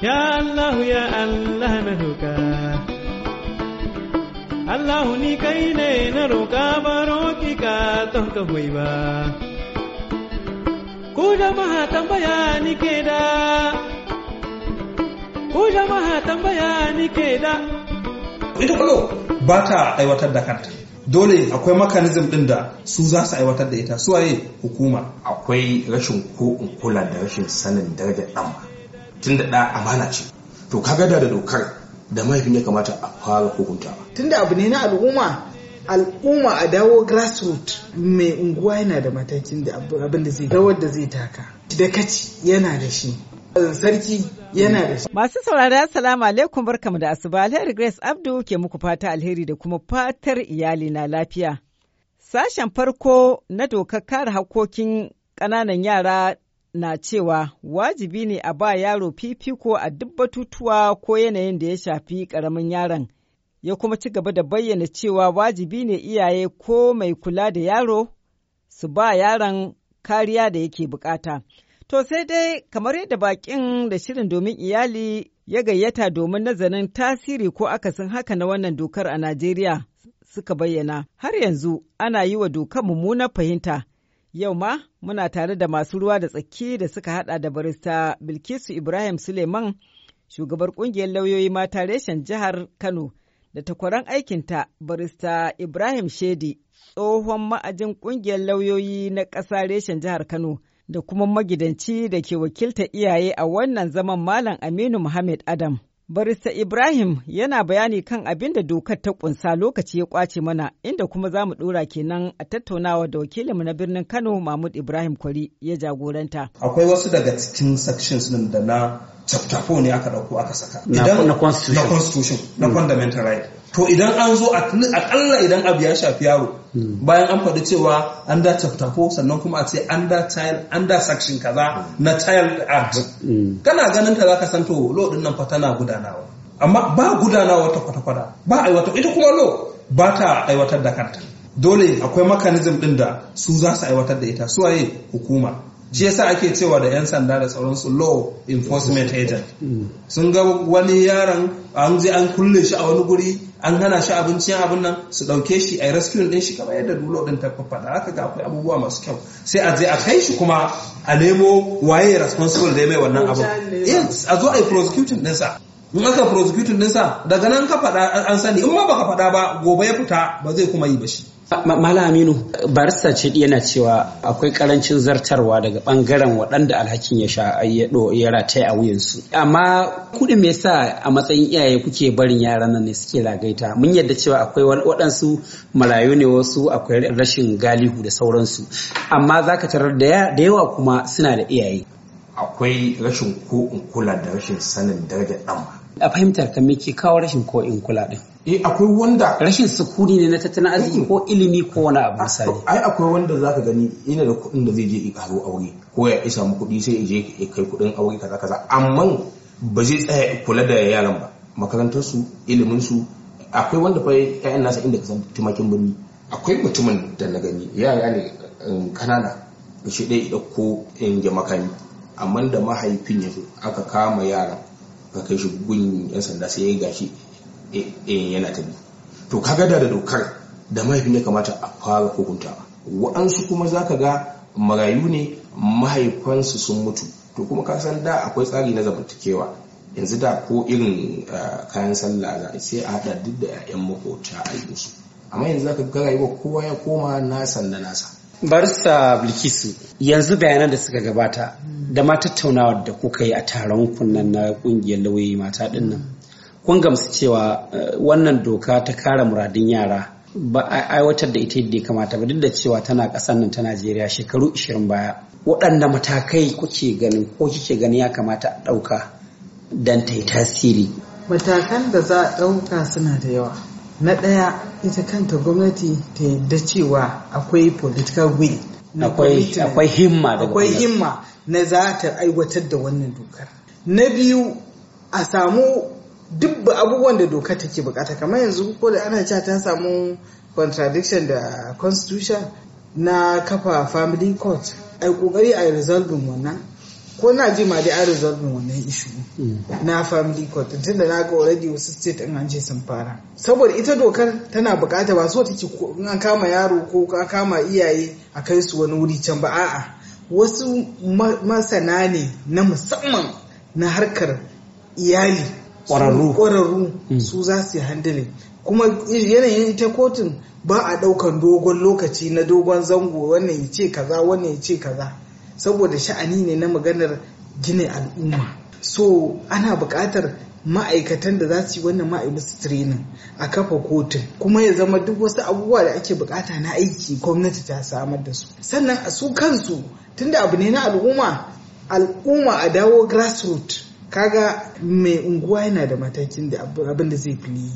Ya Allah ya Allah na roƙa Allah ni kai ne na roƙa baro ki ka ton ka hoyi ba Ku jama'a tambaya ni ke da Ku jama'a tambaya ni ke da Ita kwallo ba ta aiwatar da kanta dole akwai mekanizm din da su za su aiwatar da ita suwaye hukuma akwai rashin ko kula da rashin sanin darajar ɗan tunda da amana ce to kaga da dokar da mahaifin ya kamata a fara hukunta tunda abu ne na al'umma al'umma a dawo grassroot mai unguwa yana da matakin da abin da zai rawar da zai taka da kaci yana da shi sarki yana da shi masu saurari assalamu alaikum barkamu da asuba alheri grace abdu ke muku fata alheri da kuma fatar iyali na lafiya sashen farko na dokar kare hakokin ƙananan yara na cewa wajibi ne a ba yaro fifiko a duk batutuwa ko yanayin da ya shafi ƙaramin yaron. Ya kuma ci gaba da bayyana cewa wajibi ne iyaye ko mai kula da yaro su ba yaron kariya da yake bukata. To sai dai kamar yadda bakin da shirin domin iyali ya gayyata domin nazarin tasiri ko akasin haka na wannan dokar a Najeriya suka bayyana. Har yanzu ana yi wa dokar mummunar fahimta. Yau ma muna tare da masu ruwa da tsaki da suka hada da barista Bilkisu Ibrahim Suleiman, shugabar kungiyar lauyoyi mata reshen jihar Kano da takwaran aikinta barista Ibrahim Shedi, tsohon ma'ajin kungiyar lauyoyi na ƙasa reshen jihar Kano da kuma magidanci da ke wakilta iyaye a wannan zaman Malam Aminu Muhammad Adam. Barista Ibrahim yana bayani kan abin da dokar ta kunsa lokaci ya kwace mana inda kuma za mu dora kenan a tattaunawa da wakilinmu na birnin Kano Mahmud Ibrahim Kwari ya jagoranta. Akwai wasu daga cikin sections din da na chapter 4 ne aka dauko aka saka. Idan na constitution na constitution na hmm. fundamental right. To idan an zo akalla idan abu ya shafi yaro bayan an faɗi cewa an da chapter 4 sannan kuma a ce an tile an section kaza na tile art mm. kana ganin ta zaka san to lo din nan fa tana gudanawa amma ba gudanawa ta kwata-kwata ba aiwatar ita kuma lo ba ta aiwatar da kanta dole akwai mechanism din da su za su aiwatar da ita suwaye hukuma shi yasa ake cewa da 'yan sanda da tsaronsu law enforcement agent mm. sun ga wani yaron an je an kulle shi a wani guri an hana shi abincin abin nan su ɗauke shi a rescue ɗin shi kamar yadda dulo ɗin ta faɗa haka ga akwai abubuwa masu kyau sai a je a kai shi kuma a nemo waye responsible da mai wannan abu a zo a yi prosecuting ɗinsa in aka prosecuting ɗinsa daga nan ka faɗa an sani in ma baka faɗa ba gobe ya fita ba zai kuma yi ba shi malaminu Aminu, barista ce yana cewa akwai karancin zartarwa daga bangaren waɗanda alhakin ya sha ya rataya a wuyansu. Amma kuɗi me yasa a matsayin iyaye kuke barin yaran nan ne suke ragaita? Mun yadda cewa akwai waɗansu marayu ne wasu akwai rashin galihu da sauransu. Amma za ka tarar da yawa kuma suna da iyaye. Akwai rashin ko kula da rashin sanin darajar ɗan a fahimtar ka me ke kawo rashin ko in kula din eh akwai wanda rashin sukuni ne na tattalin arziki ko ilimi ko wani abu misali ai akwai wanda zaka gani yana da kuɗin da zai je ya karo aure ko ya isa mu kuɗi sai ya je ya kai kuɗin aure kaza kaza amma ba zai tsaya kula da yaran ba makarantar su ilimin su akwai wanda fa ƴaƴan nasa inda ka san tumakin birni akwai mutumin da na gani Yaya ne kanana eh, shi dai ɗauko in eh, makami amma da mahaifin ya aka kama yaran ka kai shi gun yan sanda sai ya gashi eh, eh, yana tabi to ka kaga da dokar da mahaifin ya kamata a fara hukunta, wa'ansu kuma za ka ga marayu ne mahaifansu sun mutu to kuma ka san da akwai tsari na zamantakewa yanzu da ko irin eh, kayan sallah za sai a haɗa duk da 'ya'yan makota a yi musu amma yanzu za ka ga rayuwa kowa ya koma nasa da nasa barsa bilkisu yanzu bayanan da suka gabata da ma tattaunawa da kuka yi a taron kunnan na kungiyar lauyoyi mata din nan kun gamsu cewa eh, wannan doka ta kare muradin yara ba a aiwatar da ita yadda ya kamata ba duk da cewa tana kasan nan ta najeriya shekaru 20 baya waɗanda matakai kuke ganin ko kike ganin ya kamata a ɗauka don ta yi tasiri matakan da za a ɗauka suna da yawa na ɗaya ita kanta gwamnati ta yadda cewa akwai political will akwai himma akwai himma na za ta aiwatar da wannan dokar na biyu a samu duk abubuwan da dokar take bukata kamar yanzu ko da ana cewa ta samu contradiction da constitution na kafa family court a kokari a resolve wannan ko na ji ma dai an resolve wannan issue mm. na family court tun da na ga already wasu state in an ce sun fara saboda ita dokar tana bukata ba so take in an kama yaro ko an kama iyaye a kai su wani wuri can ba a'a wasu masana ne na musamman na harkar iyali kwararru su mm. za su handle kuma yanayin ita kotun ba a ɗaukan dogon lokaci na dogon zango wannan ya ce kaza wannan ya ce kaza saboda sha'ani ne na maganar gina al'umma so ana buƙatar ma'aikatan da za su yi wannan ma'aikatan training a kafa kotun kuma ya zama duk wasu abubuwa da ake bukata na aiki gwamnati ta samar da su sannan a su kansu tunda abu ne na al'umma al'umma a dawo grassroots kaga mai unguwa yana da matakin da abin da zai fili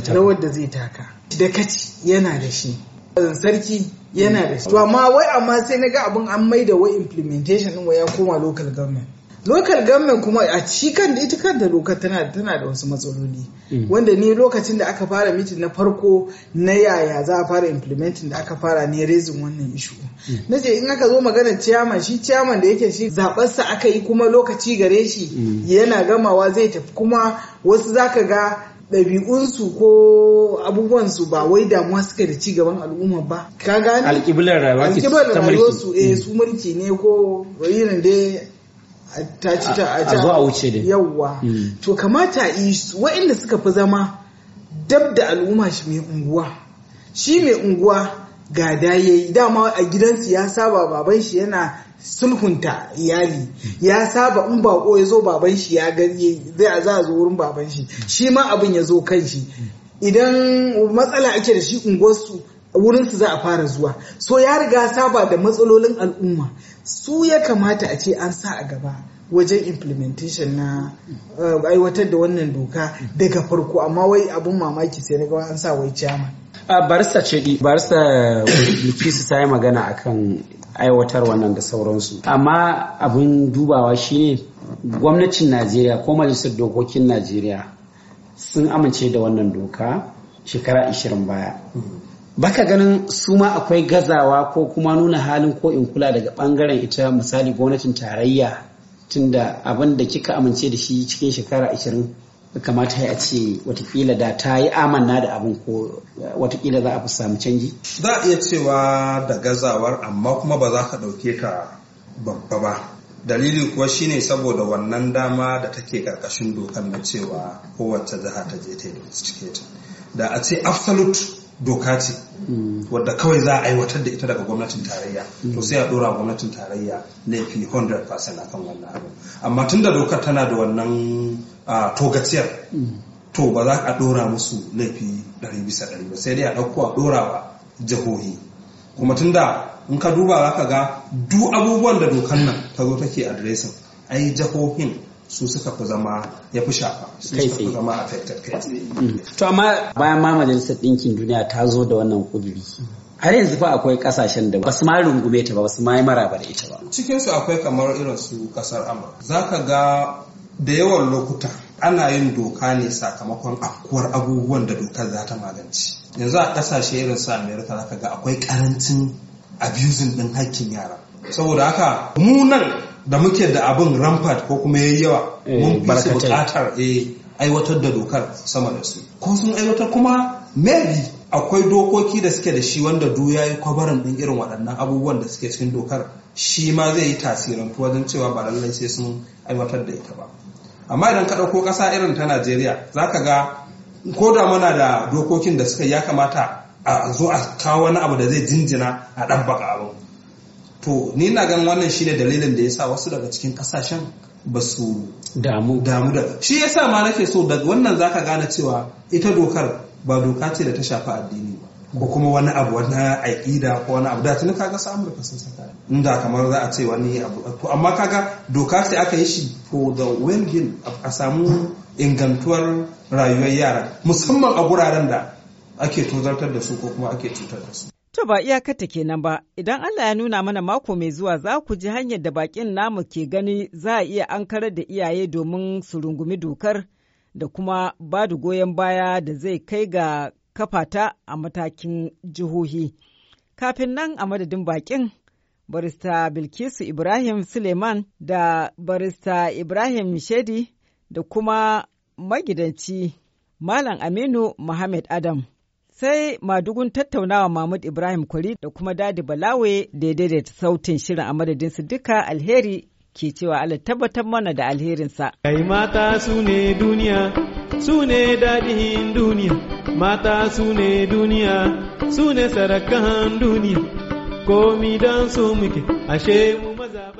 taka rawar da zai taka da kaci yana da shi Eh, sarki yana da to amma wai amma sai na ga abin an maida wai implementation din wai ya koma local government local government kuma a ci kan da ita kanta dokar tana tana da wasu matsaloli mm. wanda ni lokacin da aka fara mitin na farko na yaya za a fara implementing da aka fara ne raising wannan issue mm. na ce in aka zo magana chairman shi chairman da yake shi zabarsa aka yi kuma lokaci gare shi mm. yana gamawa zai tafi kuma wasu zaka ga ɗabi'unsu ko abubuwansu ba wai damuwa suka da ci gaban al'umma ba ka gane alƙiblar rayuwa ta mulki su eh mm. su mulki ne ko irin A ta ci ta a zo a wuce dai yawa mm. to kamata yi waɗanda suka fi zama dab da al'umma shi mai unguwa shi mai unguwa ga da yayi dama a gidansu ya saba baban shi yana sulhunta iyali ya saba in bako ya zo baban shi ya gani zai za a zo wurin baban shi shi ma abin ya zo kan shi idan matsala ake da shi unguwarsu wurinsu za a fara zuwa so ya riga saba da matsalolin al'umma su ya kamata a ce an sa a gaba wajen implementation na eh, aiwatar da wannan doka daga farko amma wai abin mamaki sai na an sa wai chairman barista ce barista Lukisu ta magana akan aiwatar wannan da sauransu amma abin dubawa shine gwamnatin najeriya ko majalisar dokokin najeriya sun amince da wannan doka shekara 20 baya baka ganin su ma akwai gazawa ko kuma nuna halin ko in kula daga bangaren ita misali gwamnatin tarayya tunda abin da kika amince da shi cikin shekara kamata ya ce watakila da ta yi amanna da abin ko eh, watakila za a fi samu canji? Za a iya cewa da gazawar amma kuma ba za ka ɗauke ka babba ba. dalilin kuwa shine saboda wannan dama da take karkashin dokar na cewa kowace jiha ta je ta yi ta. Da a ce absolute doka ce mm. wadda kawai za a aiwatar da ita daga gwamnatin tarayya to mm. sai a dora gwamnatin tarayya laifi 100% akan wannan abu amma tunda dokar tana da wannan a togaciyar to ba za a dora musu laifi ɗari bisa ɗari ba sai dai a ɗauko a ɗora wa jihohi kuma tun da in ka duba za ka ga duk abubuwan da dokan nan ta zo take adiresin ai jihohin su suka fi zama ya fi shafa su suka fi zama affected kai tsaye. Mm. to amma bayan ma majalisar ɗinkin duniya ta zo da wannan kuduri har yanzu fa akwai kasashen da ba su ma rungume ta ba ba su ma yi maraba da ita ba cikinsu akwai kamar irin su kasar amurka za ka ga da yawan lokuta ana yin doka ne sakamakon akuwar abubuwan da dokar za ta magance yanzu a kasashe irin su america zaka ga akwai karancin abusing din hakkin yara saboda haka mu nan da muke da abin rampart ko kuma yayi yawa eh, mun fi bukatar eh, aiwatar da dokar sama da su ko sun aiwatar kuma maybe akwai dokoki da suke da shi wanda du ya yi kwabarin ɗin irin waɗannan abubuwan da suke cikin dokar shi ma zai yi tasirin wajen cewa ba lallai sai sun aiwatar da ita ba amma idan ka ɗauko ƙasa irin ta najeriya za ka ga ko da muna da dokokin da suka ya kamata a zo a kawo wani abu da zai jinjina a ɗabbaka abu to ni na gan wannan shi ne dalilin da ya sa wasu daga cikin ƙasashen ba su damu damu da shi sa ma nake so da wannan za ka gane cewa ita dokar ba doka ce da ta shafi addini ko kuma wani abu wani aƙida ko wani abu da tuni kaga su amurka sun saka inda kamar za a ce wani abu to amma kaga doka sai aka yi shi for the well a samu ingantuwar rayuwar yara musamman a guraren da ake tozartar da su ko kuma ake cutar da su To ba iyakarta kenan ba, idan Allah ya nuna mana mako mai zuwa za ku ji hanyar da bakin namu ke gani za a iya ankarar da iyaye domin su rungumi dokar da kuma ba da goyon baya da zai kai ga kafa ta a matakin jihohi. Kafin nan a madadin bakin barista Bilkisu Ibrahim Suleiman da barista Ibrahim Shedi da kuma magidanci Malam Aminu Muhammad Adam. Sai madugun tattaunawa Mahmud Ibrahim Kwari da kuma Dadi Balawe da ya daidaita sautin shirin a madadin su duka alheri ke cewa Allah tabbatar mana da alherinsa. Kai mata su ne duniya, su ne daɗin duniya, mata su ne duniya, su ne sarakan duniya, komi don su muke, ashe mu maza ba.